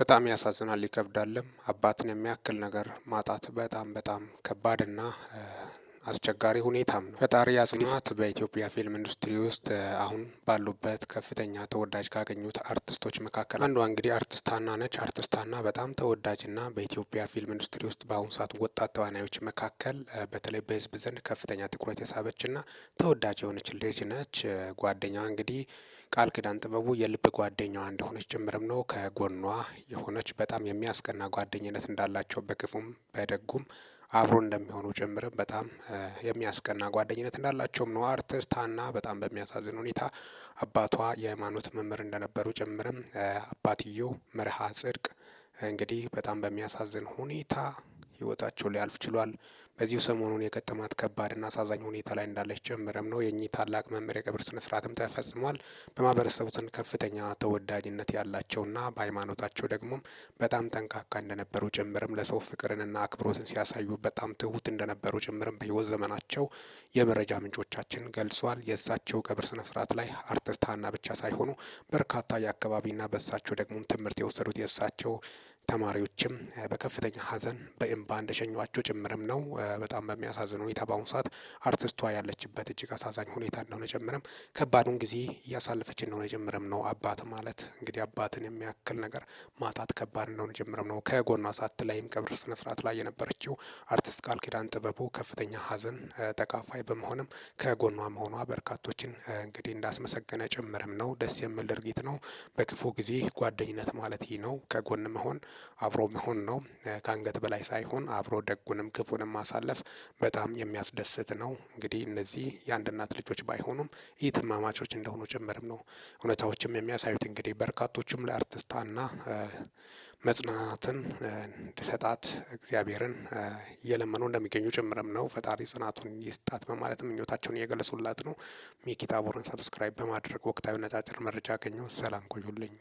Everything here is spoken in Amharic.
በጣም ያሳዝናል፣ ይከብዳልም። አባትን የሚያክል ነገር ማጣት በጣም በጣም ከባድና አስቸጋሪ ሁኔታም ነው። ፈጣሪ ያጽናት። በኢትዮጵያ ፊልም ኢንዱስትሪ ውስጥ አሁን ባሉበት ከፍተኛ ተወዳጅ ካገኙት አርቲስቶች መካከል አንዷ እንግዲህ አርቲስት ሀና ነች። አርቲስት ሀና በጣም ተወዳጅና በኢትዮጵያ ፊልም ኢንዱስትሪ ውስጥ በአሁኑ ሰዓት ወጣት ተዋናዮች መካከል በተለይ በህዝብ ዘንድ ከፍተኛ ትኩረት የሳበችና ተወዳጅ የሆነች ልጅ ነች። ጓደኛዋ እንግዲህ ቃል ኪዳን ጥበቡ የልብ ጓደኛዋ እንደሆነች ጭምርም ነው። ከጎኗ የሆነች በጣም የሚያስቀና ጓደኝነት እንዳላቸው በክፉም በደጉም አብሮ እንደሚሆኑ ጭምርም በጣም የሚያስቀና ጓደኝነት እንዳላቸውም ነው። አርቲስት ሀና በጣም በሚያሳዝን ሁኔታ አባቷ የሃይማኖት መምህር እንደነበሩ ጭምርም አባትየው መርሃ ጽድቅ እንግዲህ በጣም በሚያሳዝን ሁኔታ ህይወታቸው ሊያልፍ ችሏል። በዚሁ ሰሞኑን የገጠማት ከባድና አሳዛኝ ሁኔታ ላይ እንዳለች ጭምርም ነው። የእኚህ ታላቅ መምህር የቀብር ስነ ተፈጽሟል። በማህበረሰቡ ዘንድ ከፍተኛ ተወዳጅነት ያላቸውና በሃይማኖታቸው ደግሞ በጣም ጠንካካ እንደነበሩ ጭምርም ለሰው ፍቅርንና አክብሮትን ሲያሳዩ በጣም ትሁት እንደነበሩ ጭምርም በህይወት ዘመናቸው የመረጃ ምንጮቻችን ገልጿል። የእሳቸው ቀብር ስነ ስርዓት ላይ አርቲስት ሀና ብቻ ሳይሆኑ በርካታ የአካባቢና በእሳቸው ደግሞ ትምህርት የወሰዱት የእሳቸው ተማሪዎችም በከፍተኛ ሐዘን በእንባ እንደሸኟቸው ጭምርም ነው። በጣም በሚያሳዝን ሁኔታ በአሁኑ ሰዓት አርቲስቷ ያለችበት እጅግ አሳዛኝ ሁኔታ እንደሆነ ጭምርም ከባዱን ጊዜ እያሳለፈች እንደሆነ ጭምርም ነው። አባት ማለት እንግዲህ አባትን የሚያክል ነገር ማጣት ከባድ እንደሆነ ጭምርም ነው። ከጎኗ ሰዓት ላይም ቀብር ስነ ስርዓት ላይ የነበረችው አርቲስት ቃል ኪዳን ጥበቡ ከፍተኛ ሐዘን ተካፋይ በመሆንም ከጎኗ መሆኗ በርካቶችን እንግዲህ እንዳስመሰገነ ጭምርም ነው። ደስ የሚል ድርጊት ነው። በክፉ ጊዜ ጓደኝነት ማለት ይህ ነው፣ ከጎን መሆን አብሮ መሆን ነው። ከአንገት በላይ ሳይሆን አብሮ ደጉንም ክፉንም ማሳለፍ በጣም የሚያስደስት ነው። እንግዲህ እነዚህ የአንድ እናት ልጆች ባይሆኑም እህትማማቾች እንደሆኑ ጭምርም ነው እውነታዎችም የሚያሳዩት። እንግዲህ በርካቶችም ለአርቲስታና መጽናናትን እንዲሰጣት እግዚአብሔርን እየለመኑ እንደሚገኙ ጭምርም ነው። ፈጣሪ ጽናቱን ይስጣት በማለት ምኞታቸውን እየገለጹላት ነው። ሚኪታቦርን ሰብስክራይብ በማድረግ ወቅታዊ ነጫጭር መረጃ ያገኘው። ሰላም ቆዩልኝ።